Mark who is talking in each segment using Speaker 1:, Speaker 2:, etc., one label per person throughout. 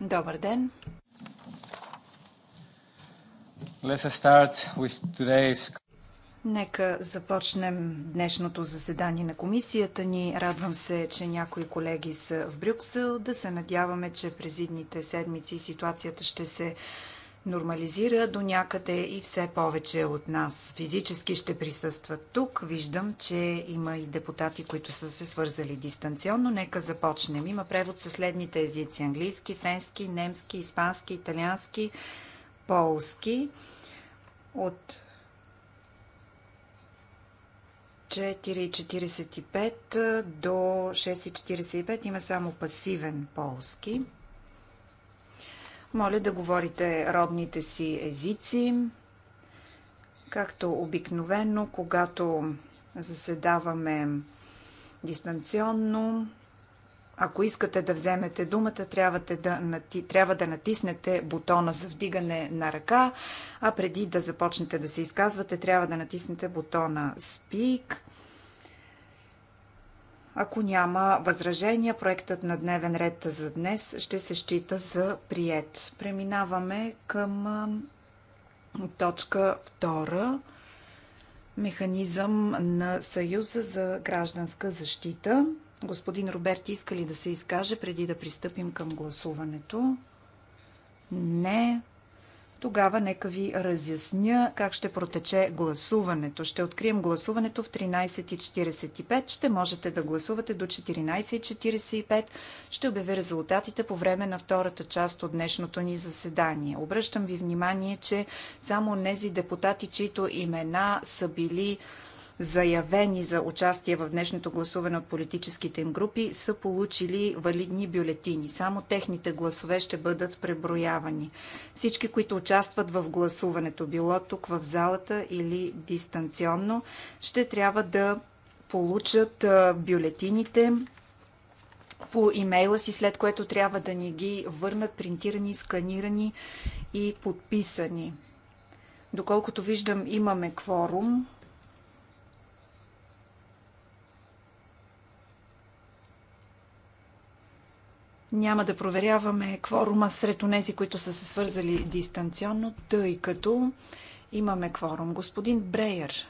Speaker 1: Добър ден!
Speaker 2: Let's start with today's...
Speaker 1: Нека започнем днешното заседание на комисията ни. Радвам се, че някои колеги са в Брюксел. Да се надяваме, че през идните седмици ситуацията ще се нормализира до някъде и все повече от нас физически ще присъстват тук. Виждам, че има и депутати, които са се свързали дистанционно. Нека започнем. Има превод със следните езици. Английски, френски, немски, испански, италиански, полски. От 4.45 до 6.45 има само пасивен полски. Моля да говорите родните си езици. Както обикновено, когато заседаваме дистанционно, ако искате да вземете думата, трябва да, натиснете бутона за вдигане на ръка, а преди да започнете да се изказвате, трябва да натиснете бутона Speak. Ако няма възражения, проектът на дневен ред за днес ще се счита за прият. Преминаваме към точка 2. Механизъм на Съюза за гражданска защита. Господин Роберт иска ли да се изкаже преди да пристъпим към гласуването? Не. Тогава нека ви разясня как ще протече гласуването. Ще открием гласуването в 13.45. Ще можете да гласувате до 14.45. Ще обяви резултатите по време на втората част от днешното ни заседание. Обръщам ви внимание, че само нези депутати, чието имена са били заявени за участие в днешното гласуване от политическите им групи, са получили валидни бюлетини. Само техните гласове ще бъдат преброявани. Всички, които участват в гласуването, било тук в залата или дистанционно, ще трябва да получат бюлетините по имейла си, след което трябва да ни ги върнат принтирани, сканирани и подписани. Доколкото виждам, имаме кворум. Няма да проверяваме кворума сред онези, които са се свързали дистанционно, тъй като имаме кворум. Господин Бреер.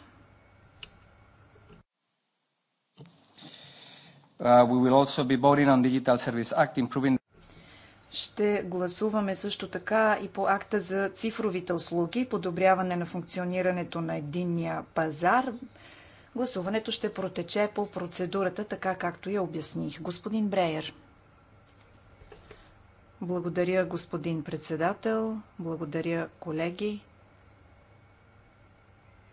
Speaker 2: Uh,
Speaker 1: ще гласуваме също така и по акта за цифровите услуги, подобряване на функционирането на единния пазар. Гласуването ще протече по процедурата, така както я обясних. Господин Бреер. Благодаря, господин председател. Благодаря, колеги.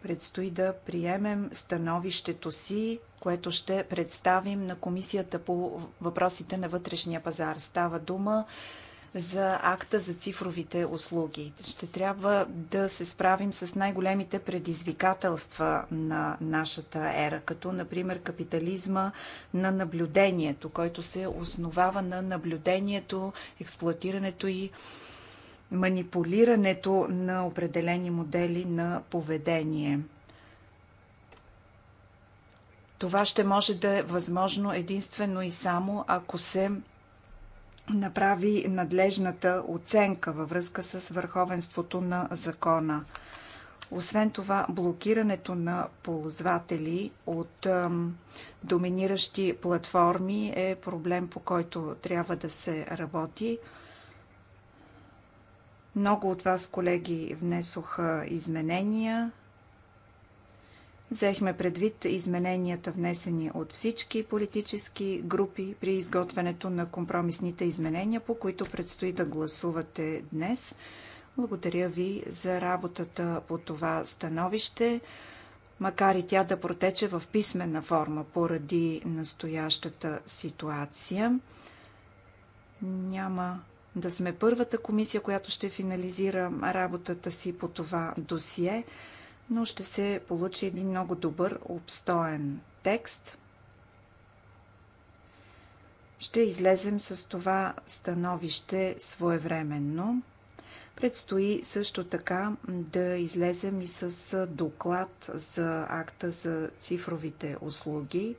Speaker 1: Предстои да приемем становището си, което ще представим на Комисията по въпросите на вътрешния пазар. Става дума за акта за цифровите услуги. Ще трябва да се справим с най-големите предизвикателства на нашата ера, като например капитализма на наблюдението, който се основава на наблюдението, експлуатирането и манипулирането на определени модели на поведение. Това ще може да е възможно единствено и само ако се направи надлежната оценка във връзка с върховенството на закона. Освен това, блокирането на ползватели от доминиращи платформи е проблем, по който трябва да се работи. Много от вас, колеги, внесоха изменения. Взехме предвид измененията внесени от всички политически групи при изготвянето на компромисните изменения, по които предстои да гласувате днес. Благодаря ви за работата по това становище, макар и тя да протече в писмена форма поради настоящата ситуация. Няма да сме първата комисия, която ще финализира работата си по това досие но ще се получи един много добър, обстоен текст. Ще излезем с това становище своевременно. Предстои също така да излезем и с доклад за акта за цифровите услуги,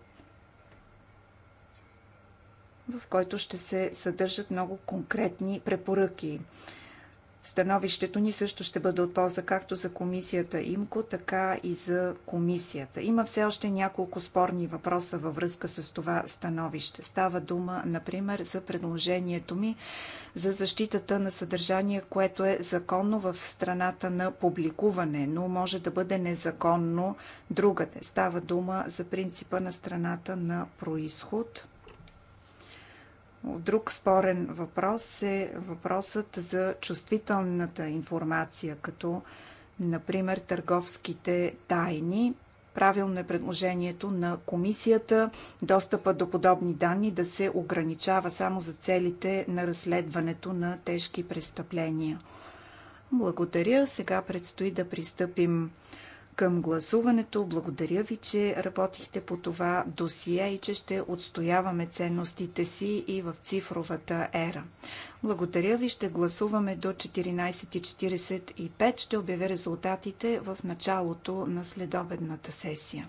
Speaker 1: в който ще се съдържат много конкретни препоръки Становището ни също ще бъде от полза както за комисията ИМКО, така и за комисията. Има все още няколко спорни въпроса във връзка с това становище. Става дума, например, за предложението ми за защитата на съдържание, което е законно в страната на публикуване, но може да бъде незаконно другаде. Става дума за принципа на страната на происход – Друг спорен въпрос е въпросът за чувствителната информация, като например търговските тайни. Правилно е предложението на комисията достъпа до подобни данни да се ограничава само за целите на разследването на тежки престъпления. Благодаря. Сега предстои да пристъпим към гласуването. Благодаря ви, че работихте по това досие и че ще отстояваме ценностите си и в цифровата ера. Благодаря ви, ще гласуваме до 14.45. Ще обявя резултатите в началото на следобедната сесия.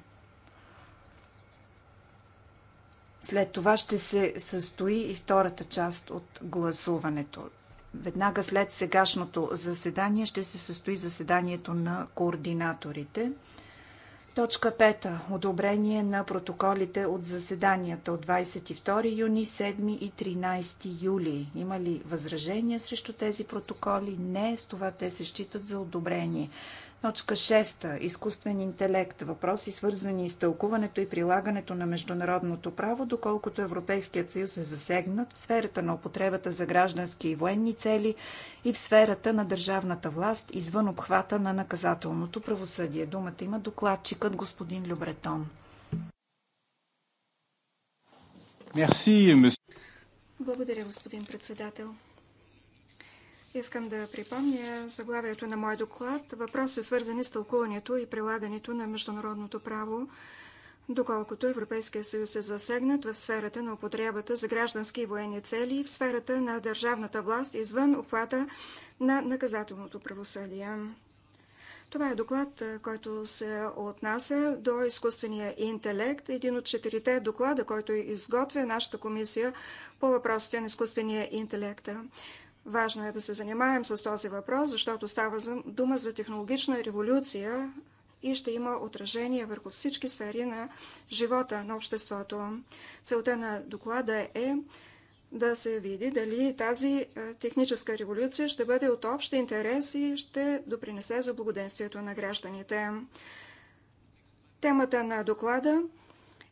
Speaker 1: След това ще се състои и втората част от гласуването. Веднага след сегашното заседание ще се състои заседанието на координаторите. Точка 5. Одобрение на протоколите от заседанията от 22 юни, 7 и 13 юли. Има ли възражения срещу тези протоколи? Не, с това те се считат за одобрение. Точка 6. Изкуствен интелект. Въпроси свързани с тълкуването и прилагането на международното право, доколкото Европейският съюз е засегнат в сферата на употребата за граждански и военни цели и в сферата на държавната власт извън обхвата на наказателното правосъдие. Думата има докладчикът господин Любретон.
Speaker 3: Благодаря, господин председател. Искам да припомня заглавието на мой доклад. Въпроси свързани с тълкуването и прилагането на международното право, доколкото Европейския съюз е засегнат в сферата на употребата за граждански и военни цели и в сферата на държавната власт извън обхвата на наказателното правосъдие. Това е доклад, който се отнася до изкуствения интелект. Един от четирите доклада, който изготвя нашата комисия по въпросите на изкуствения интелект. Важно е да се занимаем с този въпрос, защото става дума за технологична революция и ще има отражение върху всички сфери на живота на обществото. Целта на доклада е да се види дали тази е, техническа революция ще бъде от общ интерес и ще допринесе за благоденствието на гражданите. Темата на доклада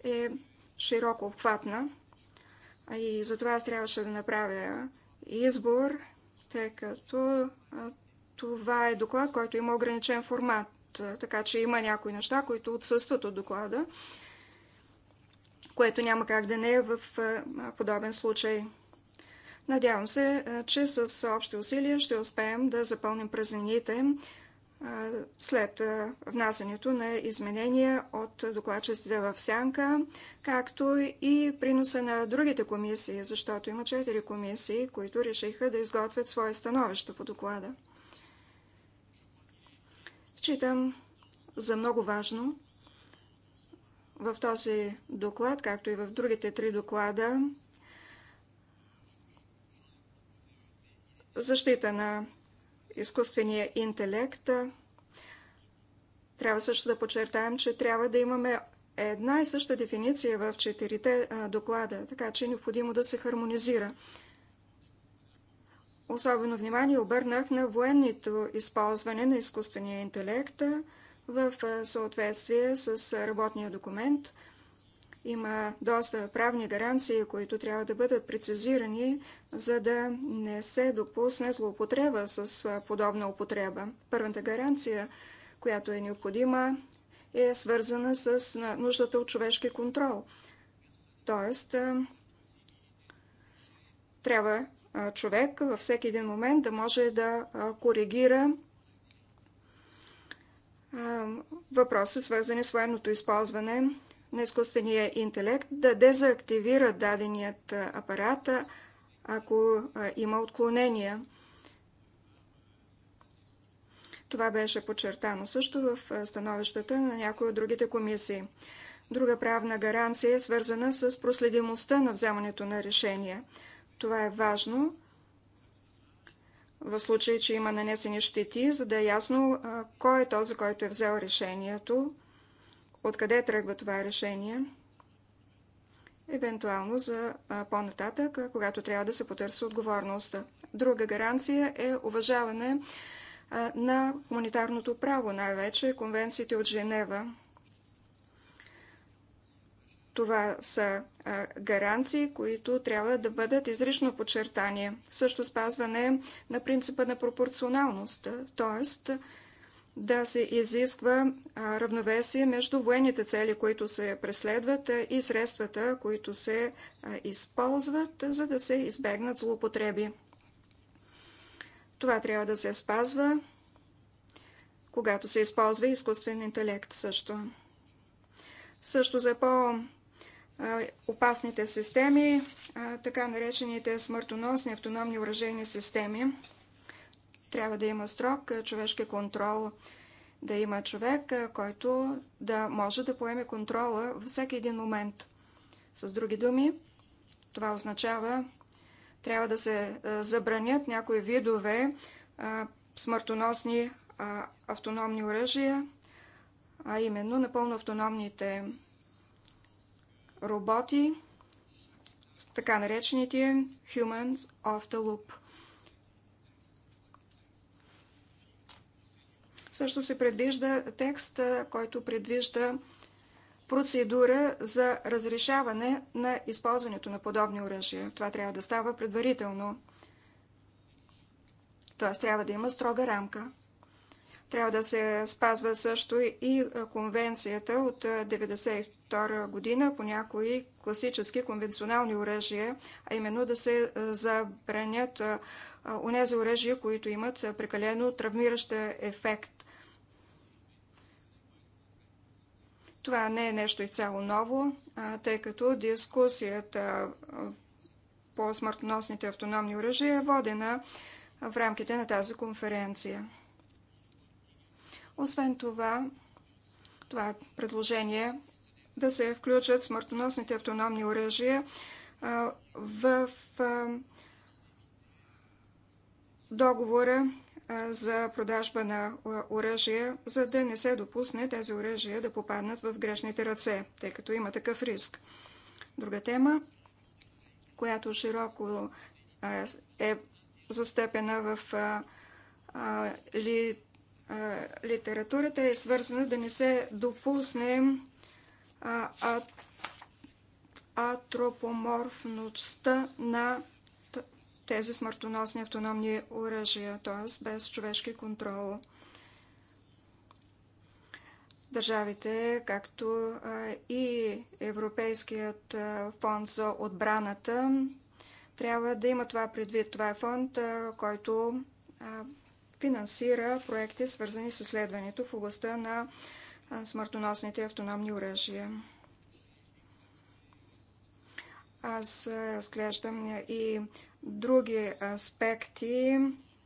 Speaker 3: е широко обхватна и затова аз трябваше да направя избор, тъй като това е доклад, който има ограничен формат, така че има някои неща, които отсъстват от доклада, което няма как да не е в подобен случай. Надявам се, че с общи усилия ще успеем да запълним празнините след внасянето на изменения от докладчестите в Сянка, както и приноса на другите комисии, защото има четири комисии, които решиха да изготвят свои становища по доклада. Читам за много важно в този доклад, както и в другите три доклада, защита на изкуствения интелект. Трябва също да подчертаем, че трябва да имаме една и съща дефиниция в четирите доклада, така че е необходимо да се хармонизира. Особено внимание обърнах на военното използване на изкуствения интелект в съответствие с работния документ – има доста правни гаранции, които трябва да бъдат прецизирани, за да не се допусне злоупотреба с подобна употреба. Първата гаранция, която е необходима, е свързана с нуждата от човешки контрол. Тоест, трябва човек във всеки един момент да може да коригира въпроси, свързани с военното използване на изкуствения интелект да дезактивира даденият апарат, ако има отклонения. Това беше подчертано също в становищата на някои от другите комисии. Друга правна гаранция е свързана с проследимостта на вземането на решения. Това е важно в случай, че има нанесени щети, за да е ясно кой е този, който е взел решението откъде тръгва това решение. Евентуално за по-нататък, когато трябва да се потърси отговорността. Друга гаранция е уважаване на хуманитарното право, най-вече конвенциите от Женева. Това са гаранции, които трябва да бъдат изрично подчертани. Също спазване на принципа на пропорционалност, т.е да се изисква равновесие между военните цели, които се преследват и средствата, които се използват, за да се избегнат злоупотреби. Това трябва да се спазва, когато се използва изкуствен интелект също. Също за по-опасните системи, така наречените смъртоносни автономни уражени системи, трябва да има строг човешки контрол, да има човек, който да може да поеме контрола във всеки един момент. С други думи, това означава, трябва да се забранят някои видове смъртоносни автономни оръжия, а именно напълно автономните роботи, така наречените Humans of the Loop. Също се предвижда текст, който предвижда процедура за разрешаване на използването на подобни оръжия. Това трябва да става предварително. Тоест трябва да има строга рамка. Трябва да се спазва също и конвенцията от 1992 година по някои класически конвенционални оръжия, а именно да се забранят унези оръжия, които имат прекалено травмиращ ефект. Това не е нещо изцяло ново, тъй като дискусията по смъртоносните автономни оръжия е водена в рамките на тази конференция. Освен това, това е предложение да се включат смъртоносните автономни оръжия в договора за продажба на оръжия, за да не се допусне тези оръжия да попаднат в грешните ръце, тъй като има такъв риск. Друга тема, която широко е застъпена в литературата, е свързана да не се допусне атропоморфността на тези смъртоносни автономни оръжия, т.е. без човешки контрол. Държавите, както и Европейският фонд за отбраната, трябва да има това предвид. Това е фонд, който финансира проекти, свързани с изследването в областта на смъртоносните автономни оръжия. Аз разглеждам и други аспекти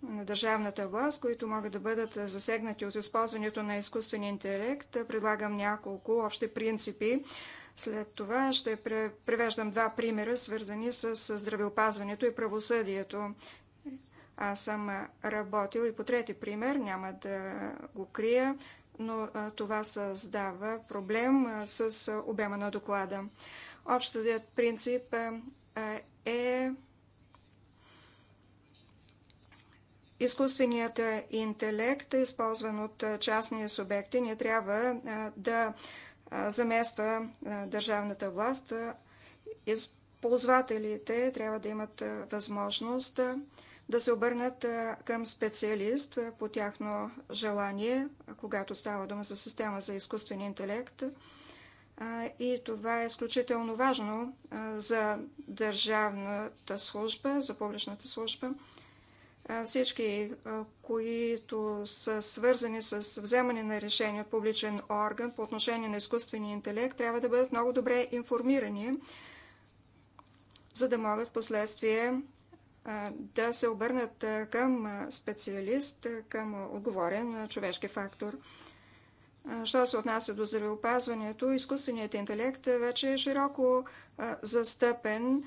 Speaker 3: на държавната власт, които могат да бъдат засегнати от използването на изкуствен интелект. Предлагам няколко общи принципи. След това ще превеждам два примера, свързани с здравеопазването и правосъдието. Аз съм работил и по трети пример, няма да го крия, но това създава проблем с обема на доклада. Общият принцип е, е, е изкуственият интелект, използван от е, частни субекти, не трябва да замества държавната власт. Ползвателите трябва да имат възможност да се обърнат към специалист по тяхно желание, когато става дума за система за изкуствен интелект и това е изключително важно за държавната служба, за публичната служба. Всички, които са свързани с вземане на решение от публичен орган по отношение на изкуствения интелект, трябва да бъдат много добре информирани, за да могат в последствие да се обърнат към специалист, към отговорен човешки фактор – Що се отнася до здравеопазването, изкуственият интелект е вече е широко застъпен.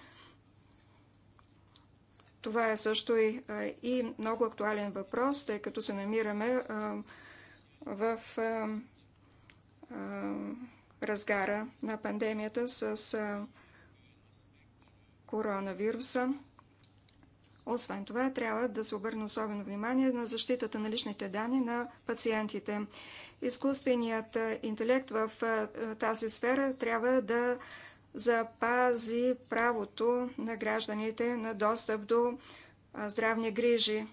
Speaker 3: Това е също и, и много актуален въпрос, тъй като се намираме в разгара на пандемията с коронавируса. Освен това, трябва да се обърне особено внимание на защитата на личните данни на пациентите. Изкуственият интелект в тази сфера трябва да запази правото на гражданите на достъп до здравни грижи.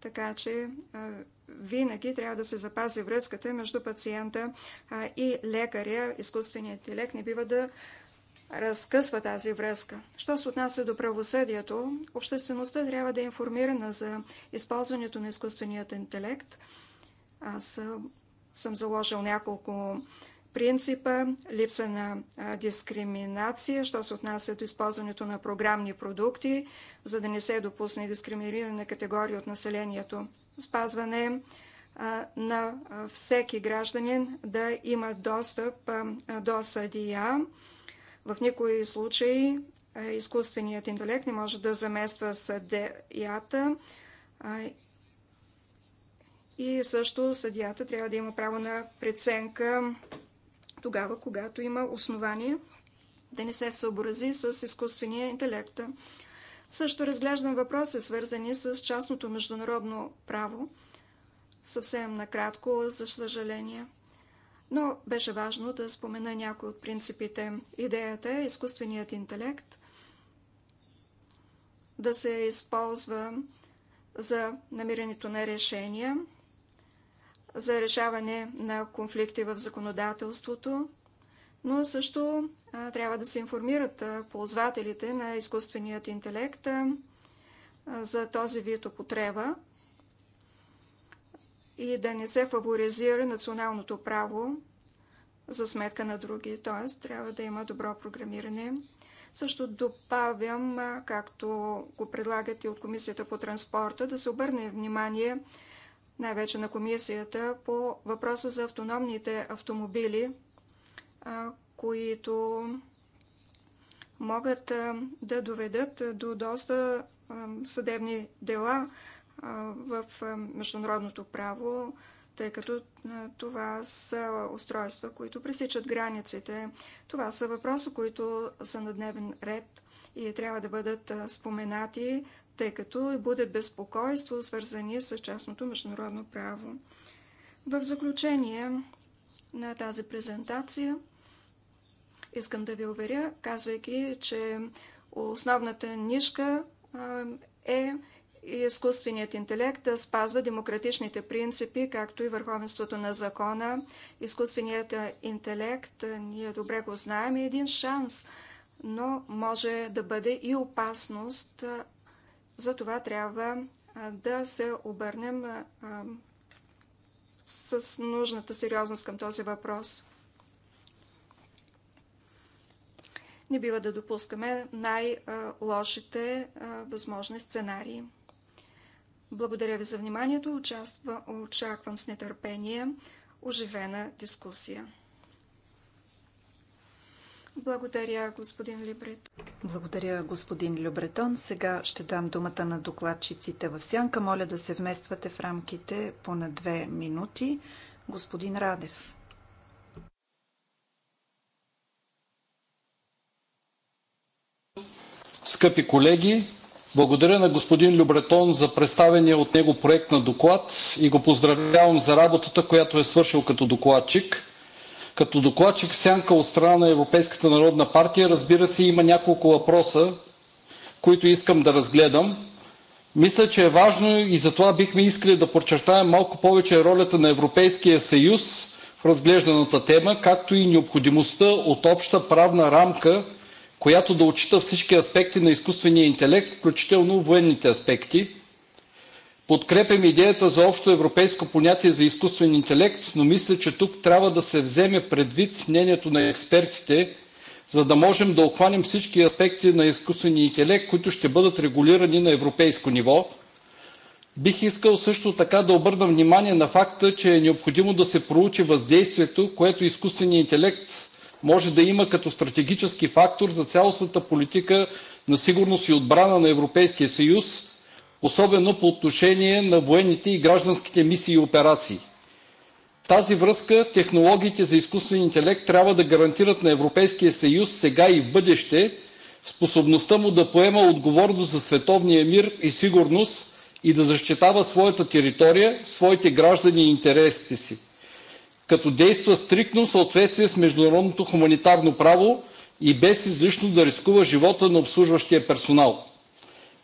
Speaker 3: Така че винаги трябва да се запази връзката между пациента и лекаря. Изкуственият интелект не бива да разкъсва тази връзка. Що се отнася до правосъдието, обществеността трябва да е информирана за използването на изкуственият интелект. Аз съм заложил няколко принципа, липса на дискриминация, що се отнася до използването на програмни продукти, за да не се допусне на категория от населението. Спазване на всеки гражданин да има достъп до съдия. В никой случай изкуственият интелект не може да замества съдеята и също съдията трябва да има право на преценка тогава, когато има основание да не се съобрази с изкуствения интелект. Също разглеждам въпроси, свързани с частното международно право, съвсем накратко, за съжаление. Но беше важно да спомена някои от принципите. Идеята е изкуственият интелект да се използва за намирането на решения – за решаване на конфликти в законодателството, но също трябва да се информират ползвателите на изкуственият интелект за този вид употреба и да не се фаворизира националното право за сметка на други. Т.е. трябва да има добро програмиране. Също добавям, както го предлагате от Комисията по транспорта, да се обърне внимание най-вече на комисията, по въпроса за автономните автомобили, които могат да доведат до доста съдебни дела в международното право, тъй като това са устройства, които пресичат границите. Това са въпроса, които са на дневен ред и трябва да бъдат споменати тъй като буде безпокойство, свързани с частното международно право. В заключение на тази презентация искам да ви уверя, казвайки, че основната нишка е изкуственият интелект да спазва демократичните принципи, както и върховенството на закона. Изкуственият интелект, ние добре го знаем, е един шанс, но може да бъде и опасност, за това трябва да се обърнем с нужната сериозност към този въпрос. Не бива да допускаме най-лошите възможни сценарии. Благодаря ви за вниманието. очаквам с нетърпение оживена дискусия. Благодаря, господин Либретон.
Speaker 1: Благодаря, господин Любретон. Сега ще дам думата на докладчиците в сянка. Моля да се вмествате в рамките по на две минути. Господин
Speaker 2: Радев. Скъпи колеги, благодаря на господин Любретон за представения от него проект на доклад и го поздравявам за работата, която е свършил като докладчик – като докладчик в сянка от страна на Европейската народна партия, разбира се, има няколко въпроса, които искам да разгледам. Мисля, че е важно и затова бихме искали да подчертаем малко повече ролята на Европейския съюз в разглежданата тема, както и необходимостта от обща правна рамка, която да отчита всички аспекти на изкуствения интелект, включително военните аспекти. Подкрепям идеята за общо европейско понятие за изкуствен интелект, но мисля, че тук трябва да се вземе предвид мнението на експертите, за да можем да обхванем всички аспекти на изкуствения интелект, които ще бъдат регулирани на европейско ниво. Бих искал също така да обърна внимание на факта, че е необходимо да се проучи въздействието, което изкуственият интелект може да има като стратегически фактор за цялостната политика на сигурност и отбрана на Европейския съюз, особено по отношение на военните и гражданските мисии и операции. В тази връзка технологиите за изкуствен интелект трябва да гарантират на Европейския съюз сега и в бъдеще способността му да поема отговорност за световния мир и сигурност и да защитава своята територия, своите граждани и интересите си, като действа стриктно в съответствие с международното хуманитарно право и без излишно да рискува живота на обслужващия персонал.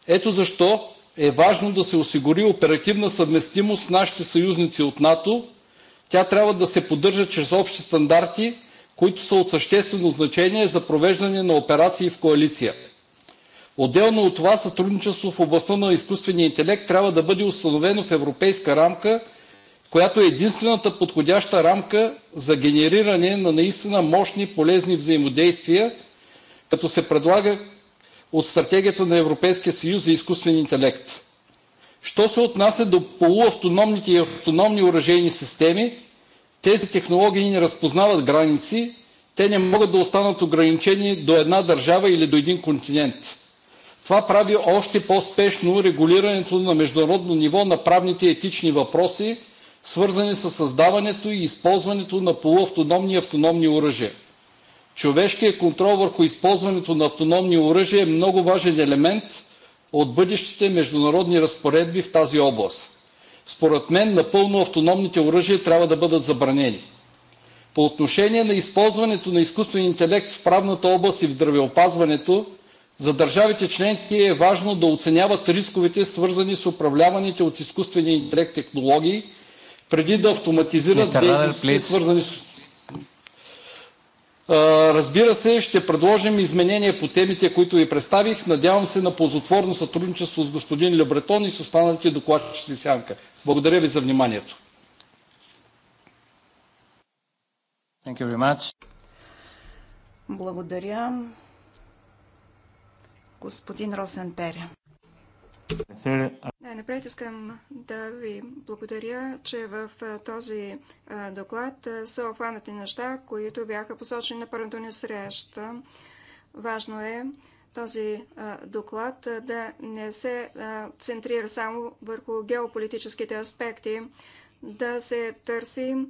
Speaker 2: Ето защо е важно да се осигури оперативна съвместимост с нашите съюзници от НАТО. Тя трябва да се поддържа чрез общи стандарти, които са от съществено значение за провеждане на операции в коалиция. Отделно от това сътрудничество в областта на изкуствения интелект трябва да бъде установено в европейска рамка, която е единствената подходяща рамка за генериране на наистина мощни полезни взаимодействия, като се предлага от Стратегията на Европейския съюз за изкуствен интелект. Що се отнася до полуавтономните и автономни оръжейни системи, тези технологии не разпознават граници, те не могат да останат ограничени до една държава или до един континент. Това прави още по-спешно регулирането на международно ниво на правните и етични въпроси, свързани с създаването и използването на полуавтономни и автономни оръжия. Човешкият контрол върху използването на автономни оръжия е много важен елемент от бъдещите международни разпоредби в тази област. Според мен напълно автономните оръжия трябва да бъдат забранени. По отношение на използването на изкуствен интелект в правната област и в здравеопазването, за държавите членки е важно да оценяват рисковете, свързани с управляваните от изкуствения интелект технологии, преди да автоматизират дейности, свързани с Разбира се, ще предложим изменения по темите, които Ви представих. Надявам се на ползотворно сътрудничество с господин Лебретон и с останалите докладчици сянка. Благодаря Ви за вниманието.
Speaker 1: Благодаря. Господин Росен Пере.
Speaker 3: Най-напред искам да ви благодаря, че в този доклад са обхванати неща, които бяха посочени на първото ни среща. Важно е този доклад да не се центрира само върху геополитическите аспекти, да се търси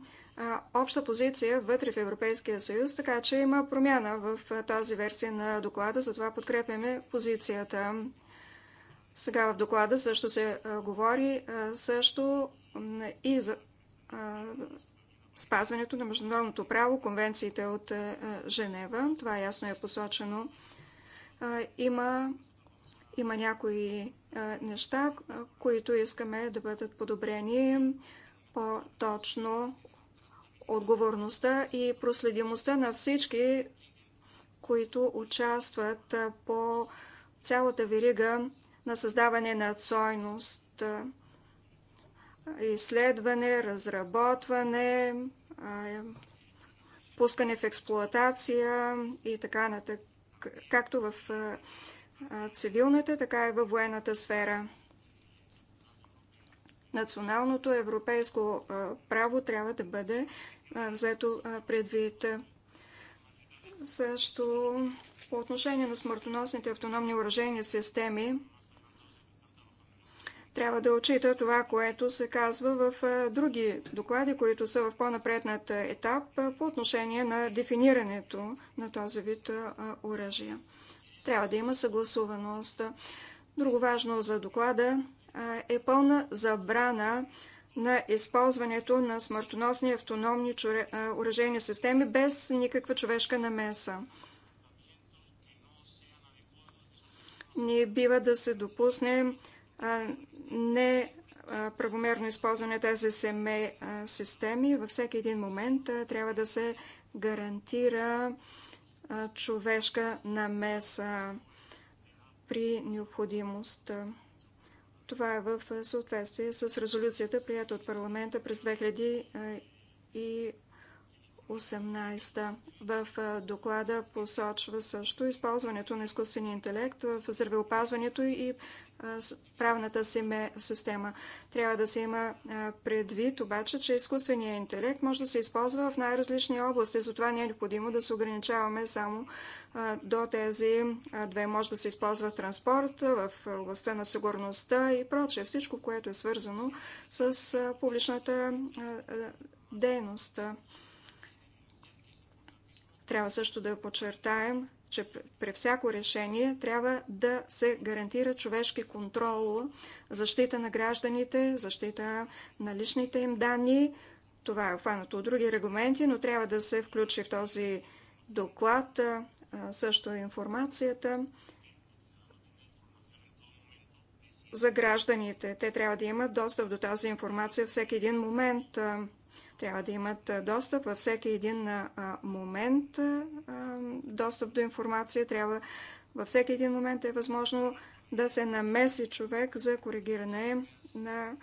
Speaker 3: обща позиция вътре в Европейския съюз, така че има промяна в тази версия на доклада, затова подкрепяме позицията. Сега в доклада също се говори също и за спазването на международното право, конвенциите от Женева. Това ясно е посочено. Има, има някои неща, които искаме да бъдат подобрени по-точно отговорността и проследимостта на всички, които участват по цялата верига на създаване на цойност, изследване, разработване, пускане в експлоатация и така нататък, както в цивилната, така и във военната сфера. Националното европейско право трябва да бъде взето предвид. Също по отношение на смъртоносните автономни уражения системи, трябва да отчита това, което се казва в други доклади, които са в по-напредната етап по отношение на дефинирането на този вид оръжия. Трябва да има съгласуваност. Друго важно за доклада е пълна забрана на използването на смъртоносни автономни оръжейни системи без никаква човешка намеса. Не бива да се допусне не правомерно използване на тези семе системи. Във всеки един момент трябва да се гарантира човешка намеса при необходимост. Това е в съответствие с резолюцията, прията от парламента през и 18. В доклада посочва също използването на изкуствения интелект в здравеопазването и правната система. Трябва да се има предвид обаче, че изкуственият интелект може да се използва в най-различни области, затова не е необходимо да се ограничаваме само до тези две. Може да се използва в транспорт, в областта на сигурността и прочее. Всичко, което е свързано с публичната дейност. Трябва също да подчертаем, че при всяко решение трябва да се гарантира човешки контрол, защита на гражданите, защита на личните им данни. Това е обхванато от други регламенти, но трябва да се включи в този доклад също информацията за гражданите. Те трябва да имат достъп до тази информация всеки един момент. Трябва да имат достъп във всеки един момент, достъп до информация. Трябва във всеки един момент е възможно да се намеси човек за коригиране на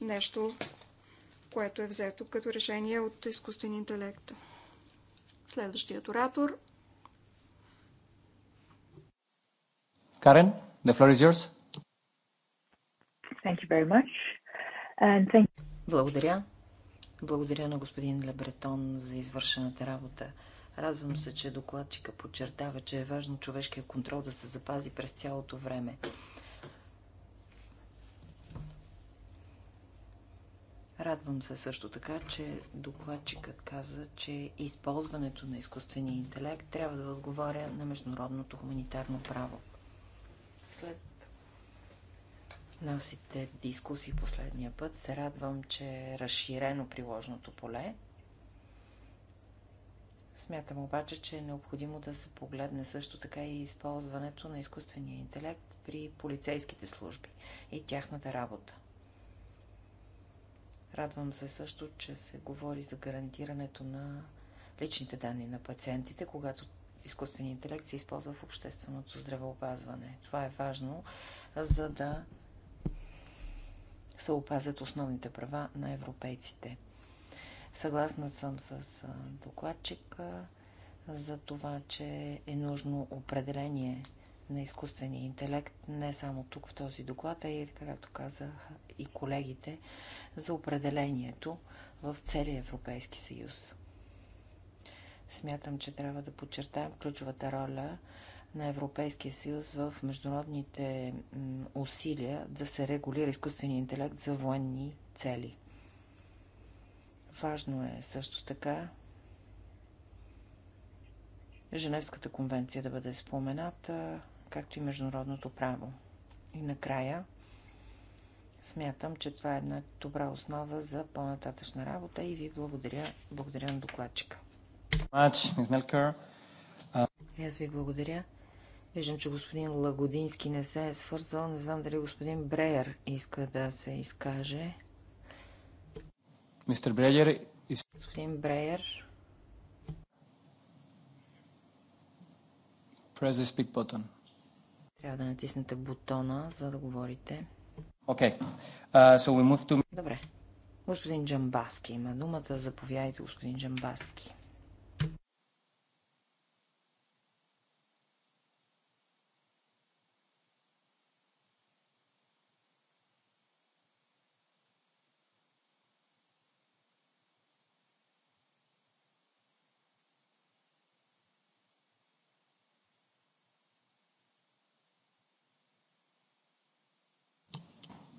Speaker 3: нещо, което е взето като решение от изкуствен интелект. Следващият оратор.
Speaker 2: Карен, the floor is yours.
Speaker 4: Thank you very much. And thank... Благодаря. Благодаря на господин Лебретон за извършената работа. Радвам се, че докладчика подчертава, че е важно човешкия контрол да се запази през цялото време. Радвам се също така, че докладчикът каза, че използването на изкуствения интелект трябва да отговаря на международното хуманитарно право. След нашите дискусии последния път. Се радвам, че е разширено приложното поле. Смятам обаче, че е необходимо да се погледне също така и използването на изкуствения интелект при полицейските служби и тяхната работа. Радвам се също, че се говори за гарантирането на личните данни на пациентите, когато изкуственият интелект се използва в общественото здравеопазване. Това е важно, за да се опазят основните права на европейците. Съгласна съм с докладчика за това, че е нужно определение на изкуствения интелект, не само тук в този доклад, а и, както казах и колегите, за определението в целия Европейски съюз. Смятам, че трябва да подчертаем ключовата роля на Европейския съюз в международните усилия да се регулира изкуствения интелект за военни цели. Важно е също така Женевската конвенция да бъде спомената, както и международното право. И накрая смятам, че това е една добра основа за по-нататъчна работа и ви благодаря, благодаря на докладчика. Аз ви благодаря. Виждам, че господин Лагодински не се е свързал. Не знам дали господин Бреер иска да се изкаже.
Speaker 2: Мистер Бреер...
Speaker 4: Господин Бреер...
Speaker 2: Press the speak button.
Speaker 4: Трябва да натиснете бутона, за да говорите.
Speaker 2: Okay. Uh, so we move to... Добре.
Speaker 4: Господин Джамбаски има думата. Заповядайте, господин Джамбаски.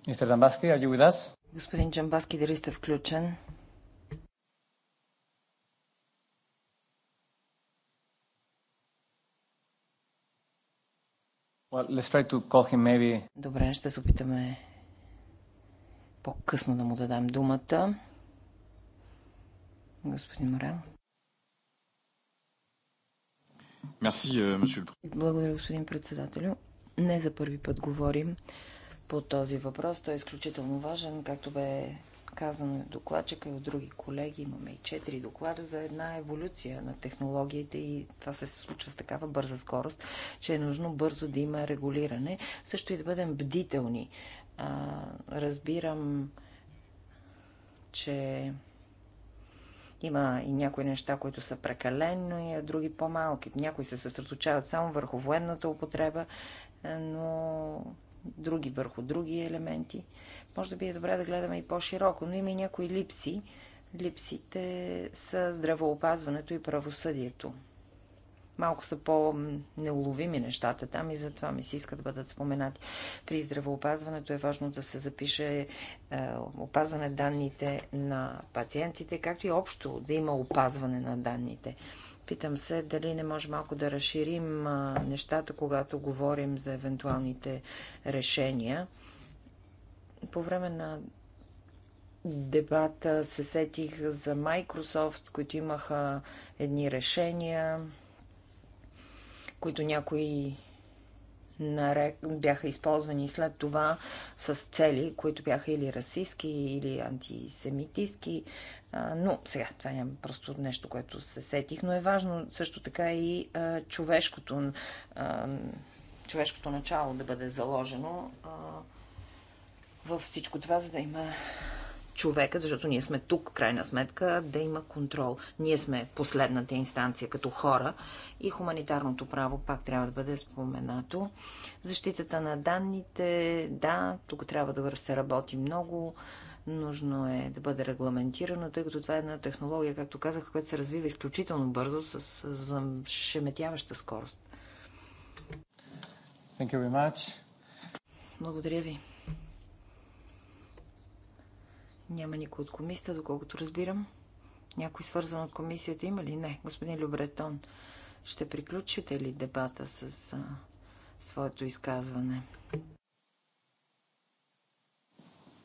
Speaker 2: are you with us?
Speaker 4: Господин Джамбаски, дали сте включен?
Speaker 2: Well, let's try to call him maybe...
Speaker 4: Добре, ще се опитаме по-късно да му дадам думата. Господин Морел.
Speaker 2: Merci, euh,
Speaker 4: Благодаря, господин председателю. Не за първи път говорим по този въпрос. Той е изключително важен, както бе казано от докладчика и от други колеги. Имаме и четири доклада за една еволюция на технологиите и това се случва с такава бърза скорост, че е нужно бързо да има регулиране. Също и да бъдем бдителни. А, разбирам, че има и някои неща, които са прекалено и други по-малки. Някои се съсредоточават само върху военната употреба, но други върху други елементи. Може да би е добре да гледаме и по-широко, но има и някои липси. Липсите са здравоопазването и правосъдието. Малко са по-неуловими нещата там и затова ми се иска да бъдат споменати. При здравоопазването е важно да се запише е, опазване данните на пациентите, както и общо да има опазване на данните. Питам се дали не може малко да разширим нещата, когато говорим за евентуалните решения. По време на дебата се сетих за Microsoft, които имаха едни решения, които някои нарек... бяха използвани след това с цели, които бяха или расистски, или антисемитистки. Но сега това е просто нещо, което се сетих, но е важно също така и човешкото, човешкото начало да бъде заложено във всичко това, за да има човека, защото ние сме тук, крайна сметка, да има контрол. Ние сме последната инстанция като хора и хуманитарното право пак трябва да бъде споменато. Защитата на данните, да, тук трябва да се работи много. Нужно е да бъде регламентирано, тъй като това е една технология, както казах, която се развива изключително бързо с шеметяваща скорост. Thank you very much. Благодаря ви. Няма никой от комисията, доколкото разбирам. Някой свързан от комисията има ли? Не. Господин Любретон, ще приключите ли дебата с а, своето изказване?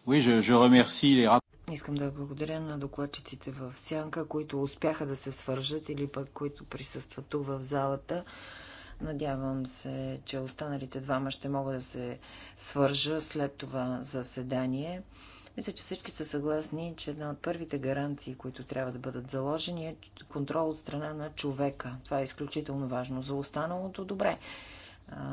Speaker 2: Oui, je, je remercie les...
Speaker 4: Искам да благодаря на докладчиците в Сянка, които успяха да се свържат или пък които присъстват тук в залата. Надявам се, че останалите двама ще могат да се свържа след това заседание. Мисля, че всички са съгласни, че една от първите гаранции, които трябва да бъдат заложени е контрол от страна на човека. Това е изключително важно. За останалото добре. А,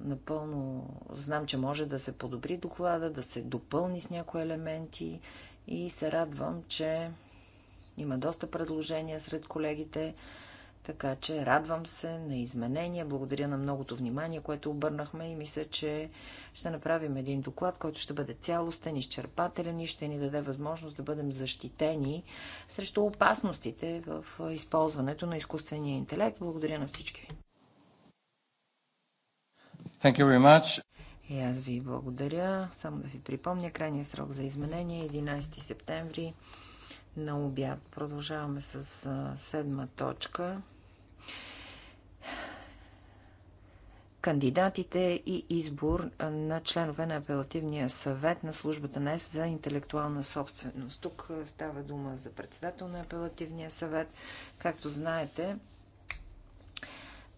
Speaker 4: напълно знам, че може да се подобри доклада, да се допълни с някои елементи и се радвам, че има доста предложения сред колегите. Така че радвам се на изменения. Благодаря на многото внимание, което обърнахме и мисля, че ще направим един доклад, който ще бъде цялостен, изчерпателен и ще ни даде възможност да бъдем защитени срещу опасностите в използването на изкуствения интелект. Благодаря на всички ви.
Speaker 2: Thank you very much.
Speaker 4: И аз ви благодаря. Само да ви припомня, крайния срок за изменение 11 е септември на обяд. Продължаваме с седма точка кандидатите и избор на членове на апелативния съвет на службата НЕС за интелектуална собственост. Тук става дума за председател на апелативния съвет. Както знаете,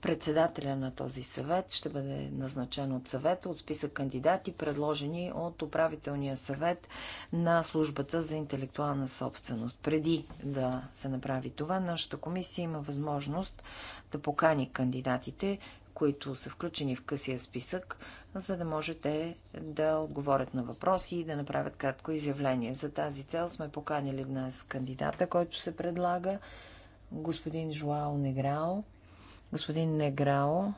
Speaker 4: Председателя на този съвет ще бъде назначен от съвета от списък кандидати, предложени от управителния съвет на службата за интелектуална собственост. Преди да се направи това, нашата комисия има възможност да покани кандидатите, които са включени в късия списък, за да можете да отговорят на въпроси и да направят кратко изявление. За тази цел сме поканили днес кандидата, който се предлага, господин Жуал Неграо Господин Неграо,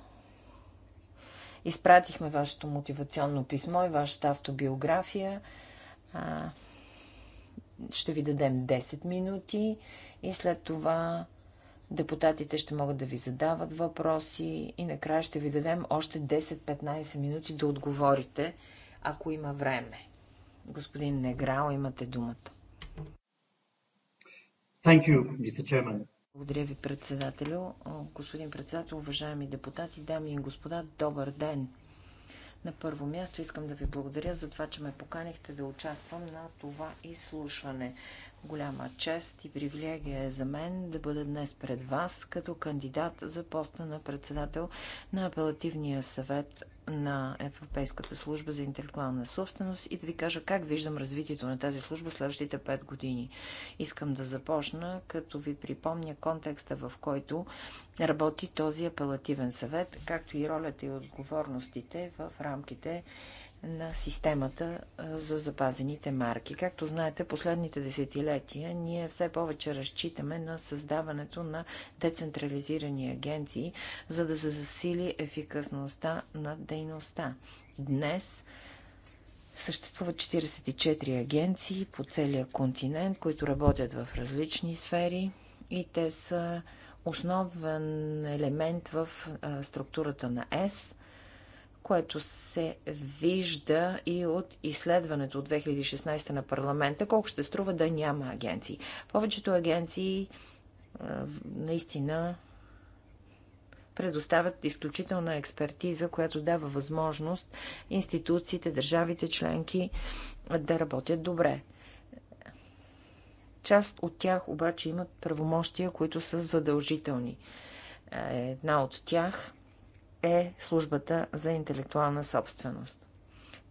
Speaker 4: изпратихме вашето мотивационно писмо и вашата автобиография. А, ще ви дадем 10 минути и след това депутатите ще могат да ви задават въпроси и накрая ще ви дадем още 10-15 минути да отговорите, ако има време. Господин Неграо, имате думата. Thank you, Mr. Chairman. Благодаря ви, председателю. Господин председател, уважаеми депутати, дами и господа, добър ден! На първо място искам да ви благодаря за това, че ме поканихте да участвам на това изслушване. Голяма чест и привилегия е за мен да бъда днес пред вас като кандидат за поста на председател на апелативния съвет на Европейската служба за интелектуална собственост и да ви кажа как виждам развитието на тази служба в следващите 5 години. Искам да започна, като ви припомня контекста, в който работи този апелативен съвет, както и ролята и отговорностите в рамките на системата за запазените марки. Както знаете, последните десетилетия ние все повече разчитаме на създаването на децентрализирани агенции, за да се засили ефикасността на дейността. Днес Съществуват 44 агенции по целия континент, които работят в различни сфери и те са основен елемент в структурата на ЕС което се вижда и от изследването от 2016 на парламента, колко ще струва да няма агенции. Повечето агенции наистина предоставят изключителна експертиза, която дава възможност институциите, държавите членки да работят добре. Част от тях обаче имат правомощия, които са задължителни. Е, една от тях е службата за интелектуална собственост.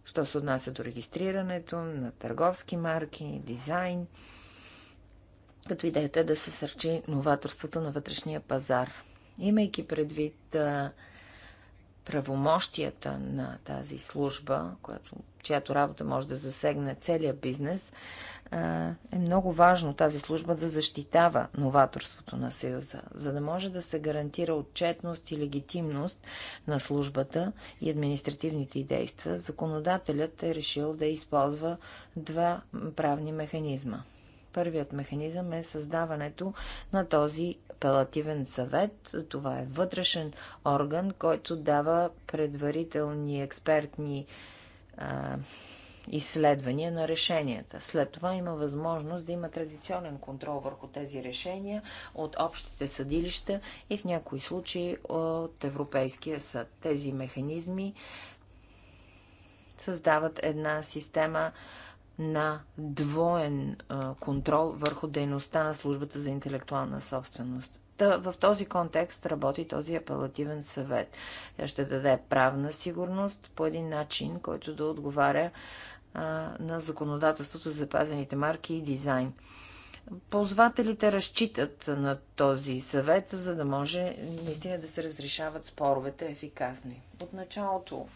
Speaker 4: Що се отнася до регистрирането на търговски марки, дизайн, като идеята е да се сърчи новаторството на вътрешния пазар. Имайки предвид правомощията на тази служба, която, чиято работа може да засегне целият бизнес, е много важно тази служба да защитава новаторството на Съюза, за да може да се гарантира отчетност и легитимност на службата и административните й действия, законодателят е решил да използва два правни механизма. Първият механизъм е създаването на този апелативен съвет. Това е вътрешен орган, който дава предварителни експертни а, изследвания на решенията. След това има възможност да има традиционен контрол върху тези решения от общите съдилища и в някои случаи от Европейския съд. Тези механизми създават една система на двоен контрол върху дейността на службата за интелектуална собственост. Та, в този контекст работи този апелативен съвет. Тя ще даде правна сигурност по един начин, който да отговаря на законодателството за запазените марки и дизайн. Ползвателите разчитат на този съвет, за да може наистина да се разрешават споровете ефикасни. От началото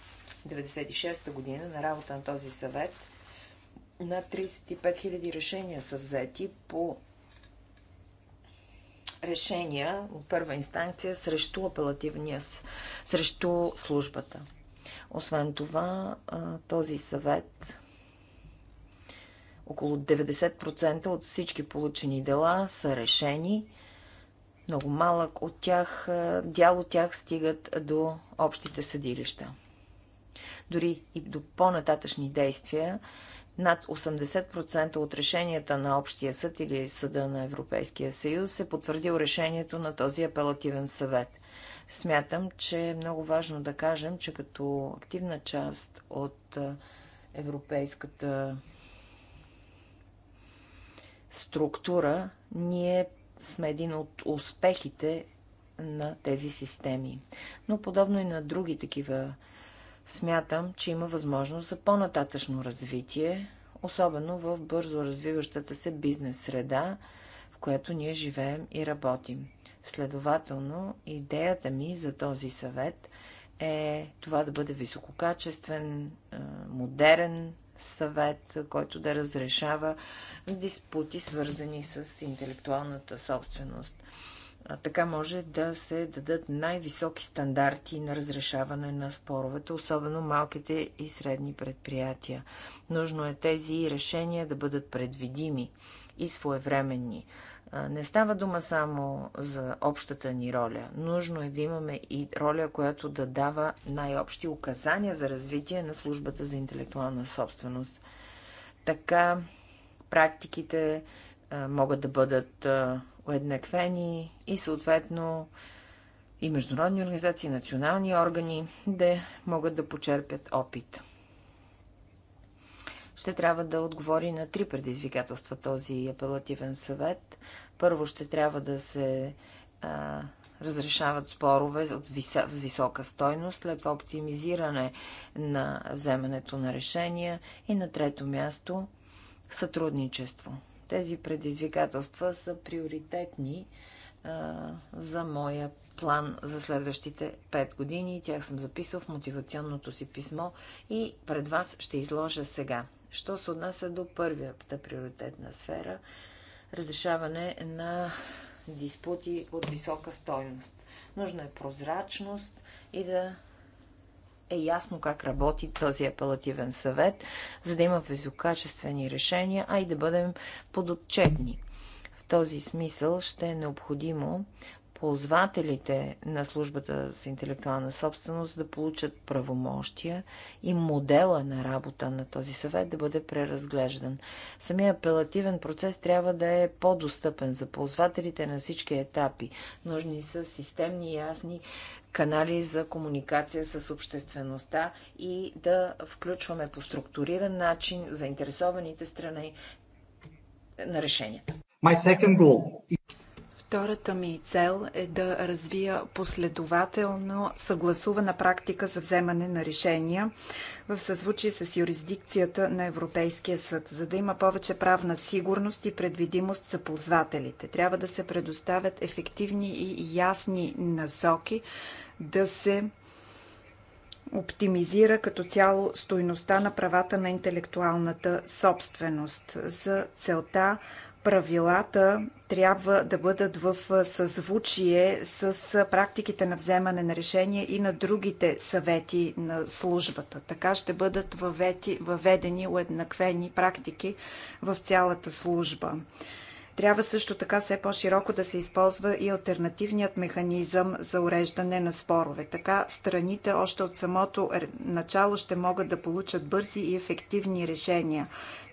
Speaker 4: 1996 година на работа на този съвет на 35 000 решения са взети по решения от първа инстанция срещу апелативния, срещу службата. Освен това, този съвет около 90% от всички получени дела са решени. Много малък от тях, е, дял от тях стигат до общите съдилища. Дори и до по-нататъчни действия, над 80% от решенията на Общия съд или Съда на Европейския съюз е потвърдил решението на този апелативен съвет. Смятам, че е много важно да кажем, че като активна част от е, европейската структура, ние сме един от успехите на тези системи. Но подобно и на други такива, смятам, че има възможност за по-нататъчно развитие, особено в бързо развиващата се бизнес среда, в която ние живеем и работим. Следователно, идеята ми за този съвет е това да бъде висококачествен, модерен съвет, който да разрешава диспути, свързани с интелектуалната собственост. А така може да се дадат най-високи стандарти на разрешаване на споровете, особено малките и средни предприятия. Нужно е тези решения да бъдат предвидими и своевременни. Не става дума само за общата ни роля. Нужно е да имаме и роля, която да дава най-общи указания за развитие на службата за интелектуална собственост. Така практиките могат да бъдат уеднаквени и съответно и международни организации, и национални органи да могат да почерпят опит ще трябва да отговори на три предизвикателства този апелативен съвет. Първо ще трябва да се а, разрешават спорове от виса, с висока стойност, след това оптимизиране на вземането на решения и на трето място сътрудничество. Тези предизвикателства са приоритетни а, за моя план за следващите 5 години. Тях съм записал в мотивационното си писмо и пред вас ще изложа сега. Що се отнася до първията приоритетна сфера – разрешаване на диспути от висока стойност. Нужна е прозрачност и да е ясно как работи този апелативен съвет, за да има висококачествени решения, а и да бъдем подотчетни. В този смисъл ще е необходимо ползвателите на службата за интелектуална собственост да получат правомощия и модела на работа на този съвет да бъде преразглеждан. Самия апелативен процес трябва да е по-достъпен за ползвателите на всички етапи. Нужни са системни и ясни канали за комуникация с обществеността и да включваме по структуриран начин заинтересованите страни на решенията.
Speaker 2: My second goal
Speaker 1: Втората ми цел е да развия последователно съгласувана практика за вземане на решения в съзвучие с юрисдикцията на Европейския съд, за да има повече правна сигурност и предвидимост за ползвателите. Трябва да се предоставят ефективни и ясни насоки да се оптимизира като цяло стойността на правата на интелектуалната собственост. За целта правилата трябва да бъдат в съзвучие с практиките на вземане на решения и на другите съвети на службата. Така ще бъдат въведени уеднаквени практики в цялата служба. Трябва също така все по-широко да се използва и альтернативният механизъм за уреждане на спорове. Така страните още от самото начало ще могат да получат бързи и ефективни решения.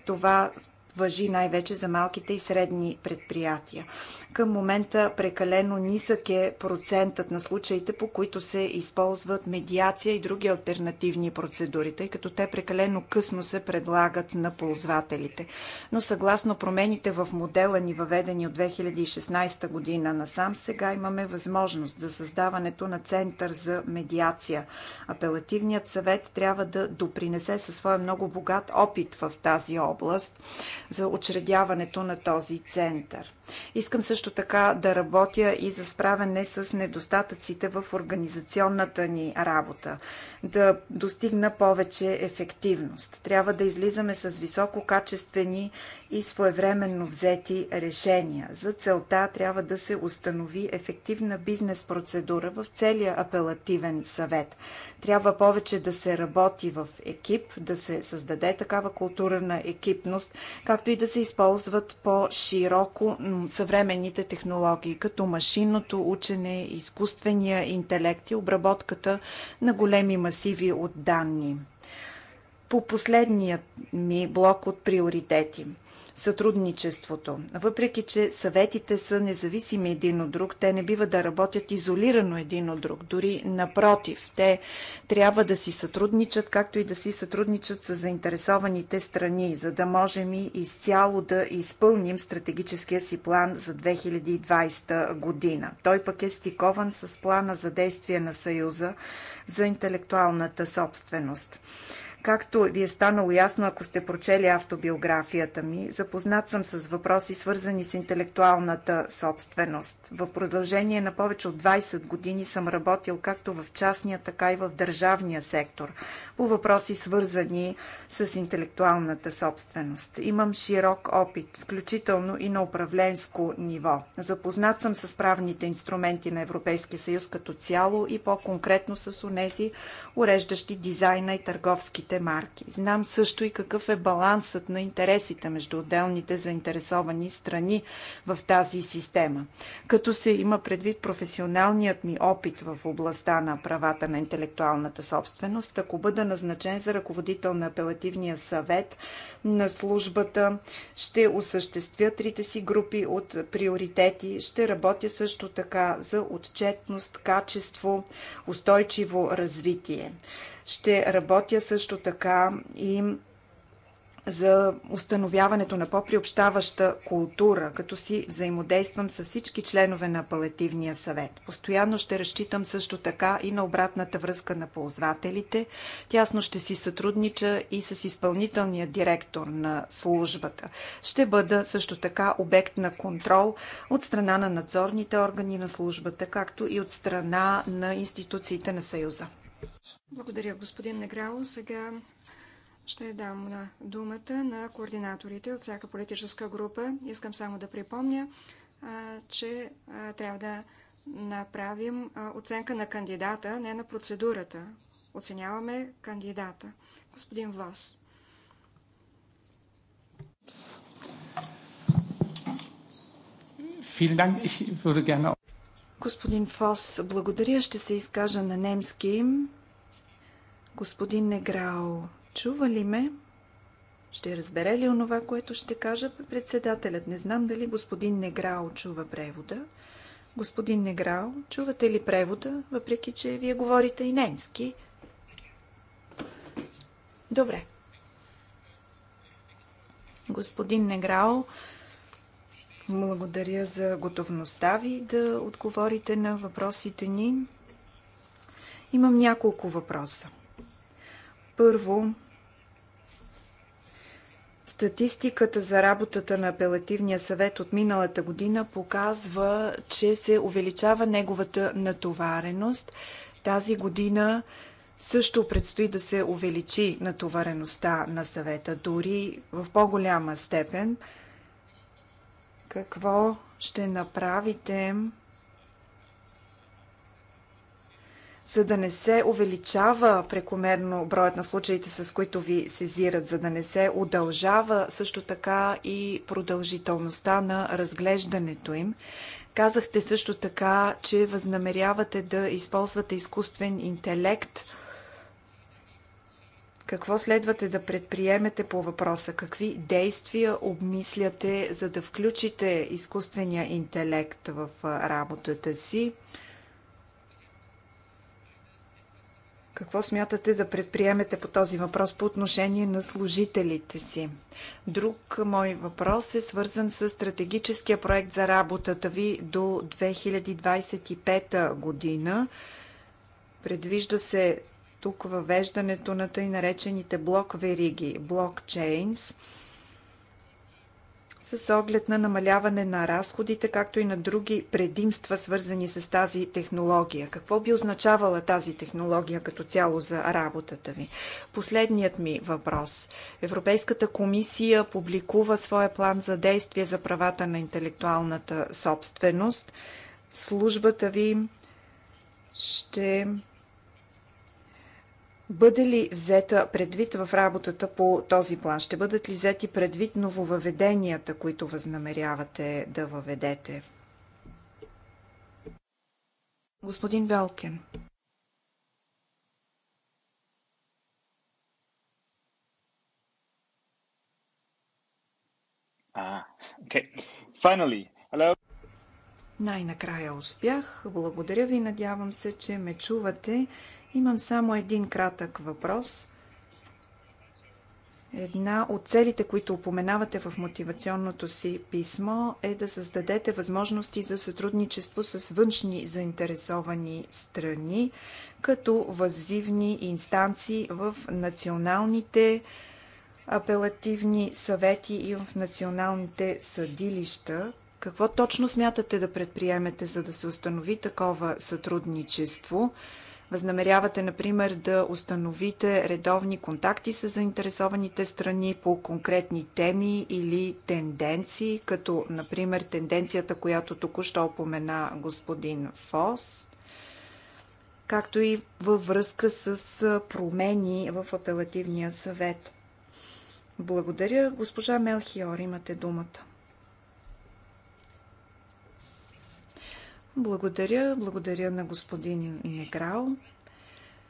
Speaker 1: Това въжи най-вече за малките и средни предприятия. Към момента прекалено нисък е процентът на случаите, по които се използват медиация и други альтернативни процедури, тъй като те прекалено късно се предлагат на ползвателите. Но съгласно промените в модела ни въведени от 2016 година насам, сега имаме възможност за създаването на център за медиация. Апелативният съвет трябва да допринесе със своя много богат опит в тази област за учредяването на този център. Искам също така да работя и за справяне с недостатъците в организационната ни работа, да достигна повече ефективност. Трябва да излизаме с висококачествени и своевременно взети решения. За целта трябва да се установи ефективна бизнес процедура в целия апелативен съвет. Трябва повече да се работи в екип, да се създаде такава култура на екипност, както както и да се използват по-широко съвременните технологии, като машинното учене, изкуствения интелект и обработката на големи масиви от данни. По последният ми блок от приоритети – сътрудничеството. Въпреки, че съветите са независими един от друг, те не бива да работят изолирано един от друг. Дори напротив, те трябва да си сътрудничат, както и да си сътрудничат с заинтересованите страни, за да можем и изцяло да изпълним стратегическия си план за 2020 година. Той пък е стикован с плана за действие на Съюза за интелектуалната собственост. Както ви е станало ясно, ако сте прочели автобиографията ми, запознат съм с въпроси, свързани с интелектуалната собственост. В продължение на повече от 20 години съм работил както в частния, така и в държавния сектор по въпроси, свързани с интелектуалната собственост. Имам широк опит, включително и на управленско ниво. Запознат съм с правните инструменти на Европейския съюз като цяло и по-конкретно с унези, уреждащи дизайна и търговските отделните марки. Знам също и какъв е балансът на интересите между отделните заинтересовани страни в тази система. Като се има предвид професионалният ми опит в областта на правата на интелектуалната собственост, ако бъда назначен за ръководител на апелативния съвет на службата, ще осъществя трите си групи от приоритети. Ще работя също така за отчетност, качество, устойчиво развитие. Ще работя също така и за установяването на по-приобщаваща култура, като си взаимодействам с всички членове на апелативния съвет. Постоянно ще разчитам също така и на обратната връзка на ползвателите. Тясно ще си сътруднича и с изпълнителния директор на службата. Ще бъда също така обект на контрол от страна на надзорните органи на службата, както и от страна на институциите на Съюза.
Speaker 3: Благодаря, господин Неграло. Сега ще дам на думата на координаторите от всяка политическа група. Искам само да припомня, че трябва да направим оценка на кандидата, не на процедурата. Оценяваме кандидата. Господин Вос.
Speaker 2: Vielen Dank. Ich würde gerne
Speaker 1: Господин Фос, благодаря. Ще се изкажа на немски. Господин Неграо, чува ли ме? Ще разбере ли онова, което ще кажа председателят? Не знам дали господин Неграо чува превода. Господин Неграо, чувате ли превода, въпреки че вие говорите и немски? Добре. Господин Неграо, благодаря за готовността ви да отговорите на въпросите ни. Имам няколко въпроса. Първо, Статистиката за работата на апелативния съвет от миналата година показва, че се увеличава неговата натовареност. Тази година също предстои да се увеличи натовареността на съвета, дори в по-голяма степен – какво ще направите, за да не се увеличава прекомерно броят на случаите, с които ви сезират, за да не се удължава също така и продължителността на разглеждането им. Казахте също така, че възнамерявате да използвате изкуствен интелект – какво следвате да предприемете по въпроса? Какви действия обмисляте, за да включите изкуствения интелект в работата си? Какво смятате да предприемете по този въпрос по отношение на служителите си? Друг мой въпрос е свързан с стратегическия проект за работата ви до 2025 година. Предвижда се тук въвеждането на тъй наречените блок вериги, блокчейнс, с оглед на намаляване на разходите, както и на други предимства, свързани с тази технология. Какво би означавала тази технология като цяло за работата ви? Последният ми въпрос. Европейската комисия публикува своя план за действие за правата на интелектуалната собственост. Службата ви ще бъде ли взета предвид в работата по този план? Ще бъдат ли взети предвид нововъведенията, които възнамерявате да въведете? Господин Велкен.
Speaker 2: А, окей. Okay. Finally. Hello.
Speaker 1: Най-накрая успях. Благодаря ви. Надявам се, че ме чувате Имам само един кратък въпрос. Една от целите, които упоменавате в мотивационното си писмо, е да създадете възможности за сътрудничество с външни заинтересовани страни, като въззивни инстанции в националните апелативни съвети и в националните съдилища. Какво точно смятате да предприемете, за да се установи такова сътрудничество? Възнамерявате, например, да установите редовни контакти с заинтересованите страни по конкретни теми или тенденции, като, например, тенденцията, която току-що опомена господин Фос, както и във връзка с промени в апелативния съвет. Благодаря. Госпожа Мелхиор, имате думата. Благодаря. Благодаря на господин Неграл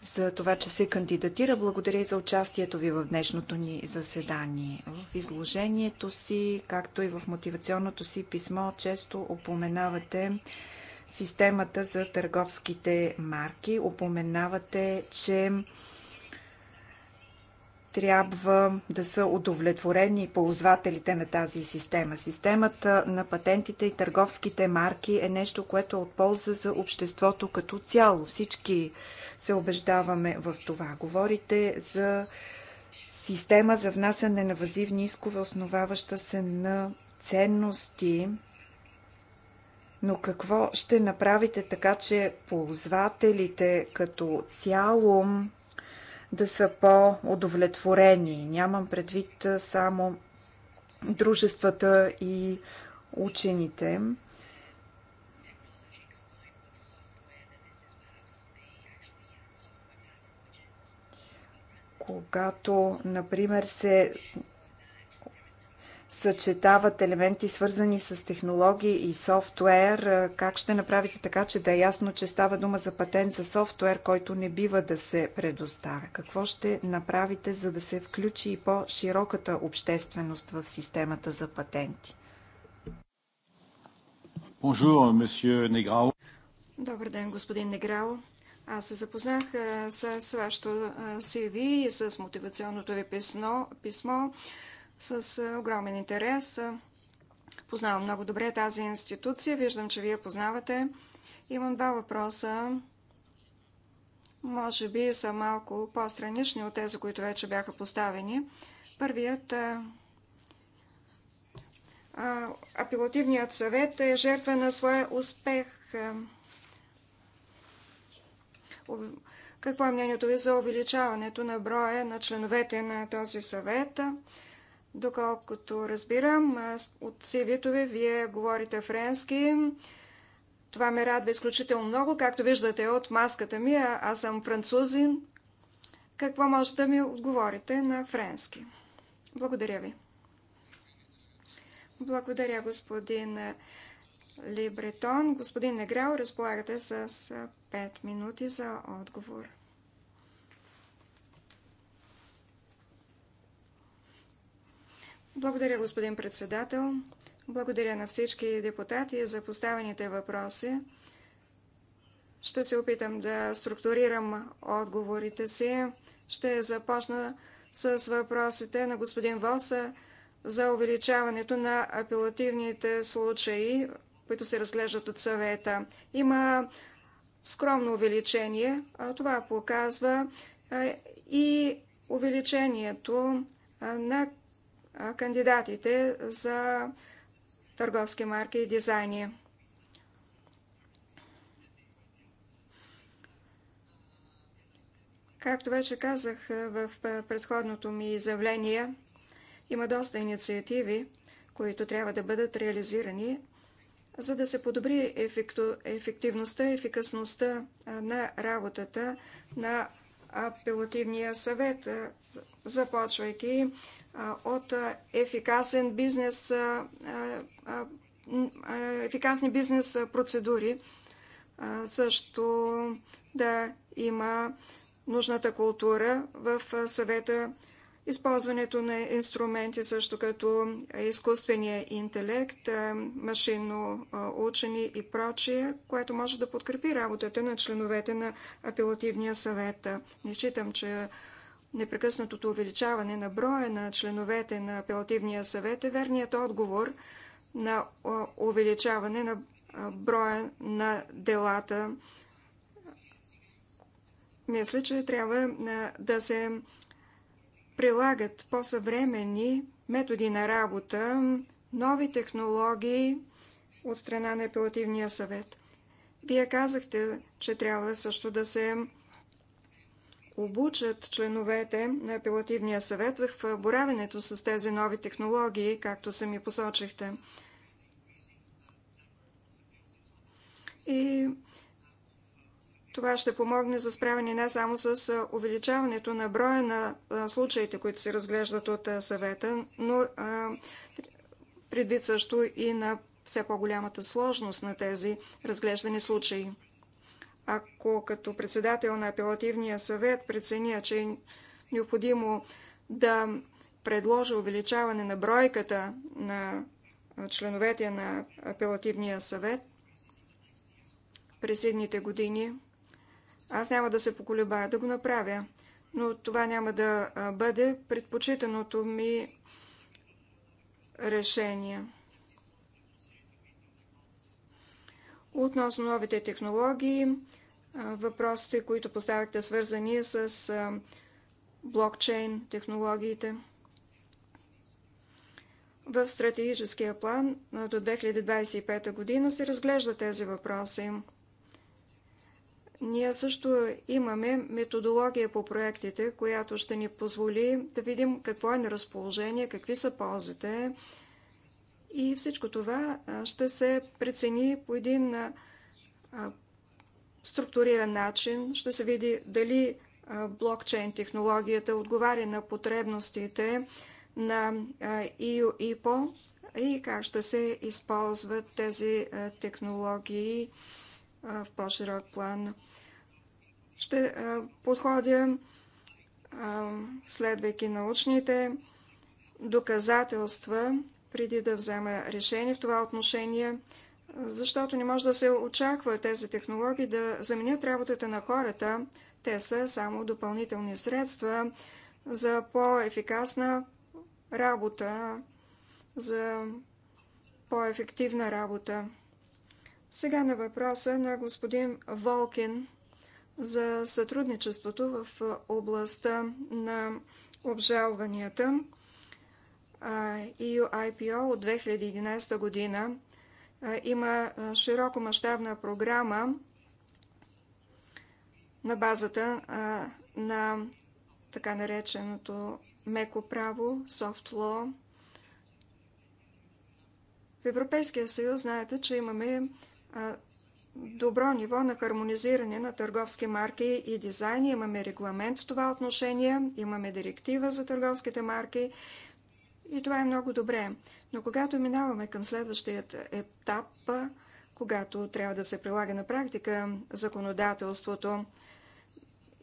Speaker 1: за това, че се кандидатира. Благодаря и за участието ви в днешното ни заседание. В изложението си, както и в мотивационното си писмо, често упоменавате системата за търговските марки. Упоменавате, че трябва да са удовлетворени ползвателите на тази система. Системата на патентите и търговските марки е нещо, което е от полза за обществото като цяло. Всички се убеждаваме в това. Говорите за система за внасяне на вазивни искове, основаваща се на ценности, но какво ще направите така, че ползвателите като цяло да са по-удовлетворени. Нямам предвид само дружествата и учените. Когато, например, се съчетават елементи, свързани с технологии и софтуер? Как ще направите така, че да е ясно, че става дума за патент за софтуер, който не бива да се предоставя? Какво ще направите, за да се включи и по-широката общественост в системата за патенти?
Speaker 2: Bonjour,
Speaker 3: Добър ден, господин Неграл, Аз се запознах с вашето CV и с мотивационното ви писмо. писмо с огромен интерес. Познавам много добре тази институция. Виждам, че вие познавате. Имам два въпроса. Може би са малко по-странични от тези, които вече бяха поставени. Първият апелативният съвет е жертва на своя успех. Какво е мнението ви за увеличаването на броя на членовете на този съвет? Доколкото разбирам, от cv ви, вие говорите френски. Това ме радва изключително много. Както виждате от маската ми, аз съм французин. Какво можете да ми отговорите на френски? Благодаря ви. Благодаря, господин Либретон. Господин Негрел, разполагате с 5 минути за отговор. Благодаря, господин председател. Благодаря на всички депутати за поставените въпроси. Ще се опитам да структурирам отговорите си. Ще започна с въпросите на господин Воса за увеличаването на апелативните случаи, които се разглеждат от съвета. Има скромно увеличение. Това показва и увеличението на кандидатите за търговски марки и дизайни. Както вече казах в предходното ми изявление, има доста инициативи, които трябва да бъдат реализирани, за да се подобри ефективността и ефикасността на работата на апелативния съвет, започвайки от ефикасен бизнес, ефикасни бизнес процедури. Също да има нужната култура в съвета, използването на инструменти, също като изкуствения интелект, машинно учени и прочие, което може да подкрепи работата на членовете на апелативния съвет. Не считам, че непрекъснатото увеличаване на броя на членовете на апелативния съвет е верният отговор на увеличаване на броя на делата. Мисля, че трябва да се прилагат по-съвремени методи на работа, нови технологии от страна на апелативния съвет. Вие казахте, че трябва също да се обучат членовете на апелативния съвет в боравенето с тези нови технологии, както сами посочихте. И това ще помогне за справяне не само с увеличаването на броя на случаите, които се разглеждат от съвета, но предвид също и на все по-голямата сложност на тези разглеждани случаи. Ако като председател на апелативния съвет преценя, че е необходимо да предложа увеличаване на бройката на членовете на апелативния съвет през едните години, аз няма да се поколебая да го направя. Но това няма да бъде предпочитаното ми решение. Относно новите технологии, въпросите, които поставяхте, свързани с блокчейн технологиите. В стратегическия план до 2025 година се разглежда тези въпроси. Ние също имаме методология по проектите, която ще ни позволи да видим какво е на разположение, какви са ползите, и всичко това ще се прецени по един структуриран начин. Ще се види дали блокчейн технологията отговаря на потребностите на ИО и ПО и как ще се използват тези технологии в по-широк план. Ще подходя следвайки научните доказателства преди да взема решение в това отношение, защото не може да се очаква тези технологии да заменят работата на хората. Те са само допълнителни средства за по-ефикасна работа, за по-ефективна работа. Сега на въпроса на господин Волкин за сътрудничеството в областта на обжалванията. EU IPO от 2011 година има широко мащабна програма на базата на така нареченото меко право, soft law. В Европейския съюз знаете, че имаме добро ниво на хармонизиране на търговски марки и дизайн. Имаме регламент в това отношение, имаме директива за търговските марки и това е много добре. Но когато минаваме към следващия етап, когато трябва да се прилага на практика законодателството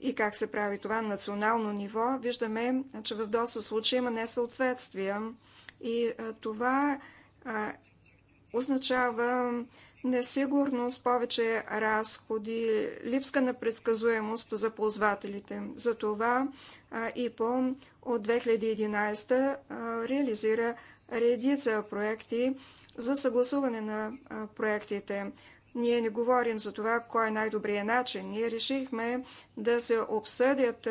Speaker 3: и как се прави това на национално ниво, виждаме, че в доста случаи има несъответствия. И това означава несигурност, повече разходи, липска на предсказуемост за ползвателите. Затова ИПО от 2011 реализира редица проекти за съгласуване на проектите. Ние не говорим за това кой е най-добрият начин. Ние решихме да се обсъдят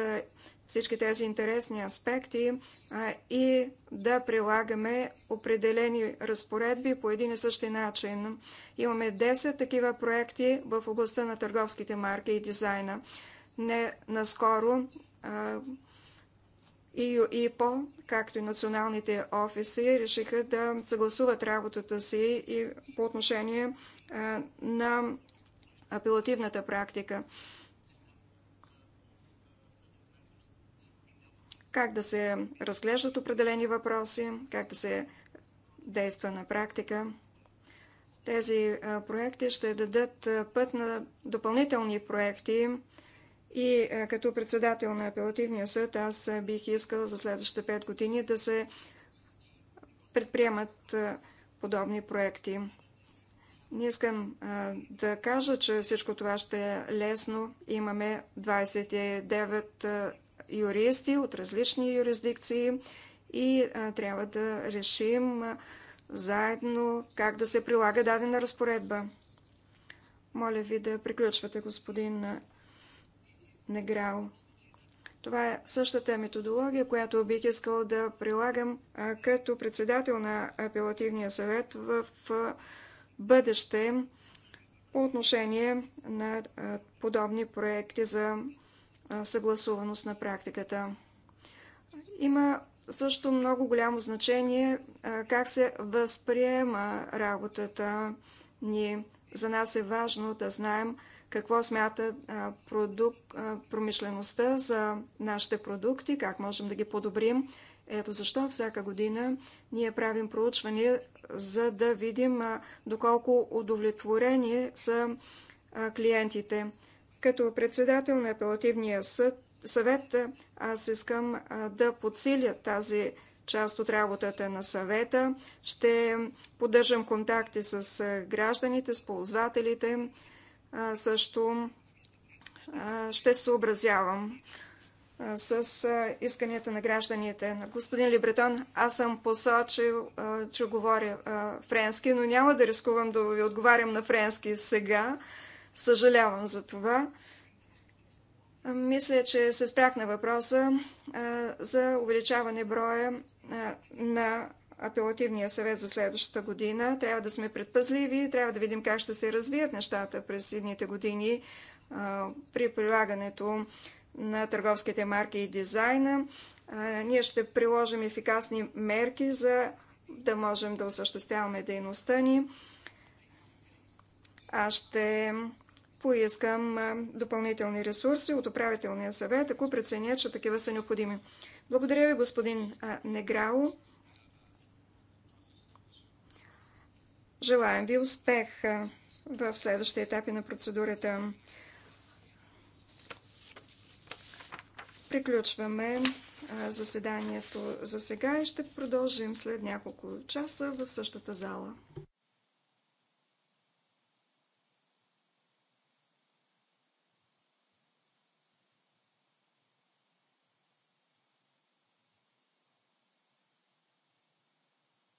Speaker 3: всички тези интересни аспекти а, и да прилагаме определени разпоредби по един и същи начин. Имаме 10 такива проекти в областта на търговските марки и дизайна. Не наскоро а, и ИПО, както и националните офиси, решиха да съгласуват работата си и по отношение а, на апелативната практика. как да се разглеждат определени въпроси, как да се действа на практика. Тези проекти ще дадат път на допълнителни проекти и като председател на апелативния съд аз бих искал за следващите 5 години да се предприемат подобни проекти. Не искам да кажа, че всичко това ще е лесно. Имаме 29 юристи от различни юрисдикции и трябва да решим заедно как да се прилага дадена разпоредба. Моля ви да приключвате, господин Неграл. Това е същата методология, която бих искал да прилагам като председател на апелативния съвет в бъдеще по отношение на подобни проекти за съгласуваност на практиката. Има също много голямо значение как се възприема работата ни. За нас е важно да знаем какво смята продукт, промишлеността за нашите продукти, как можем да ги подобрим. Ето защо всяка година ние правим проучвания, за да видим доколко удовлетворени са клиентите. Като председател на апелативния съд, съвет, аз искам да подсиля тази част от работата на съвета. Ще поддържам контакти с гражданите, с ползвателите. Също ще съобразявам с исканията на гражданите. Господин Либретон, аз съм посочил, че говоря френски, но няма да рискувам да ви отговарям на френски сега. Съжалявам за това. Мисля, че се спрях на въпроса за увеличаване броя на апелативния съвет за следващата година. Трябва да сме предпазливи, трябва да видим как ще се развият нещата през едните години при прилагането на търговските марки и дизайна. Ние ще приложим ефикасни мерки, за да можем да осъществяваме дейността ни. Аз ще поискам допълнителни ресурси от управителния съвет, ако преценя, че такива са необходими. Благодаря ви, господин Неграо. Желаем ви успех в следващите етапи на процедурата. Приключваме заседанието за сега и ще продължим след няколко часа в същата зала.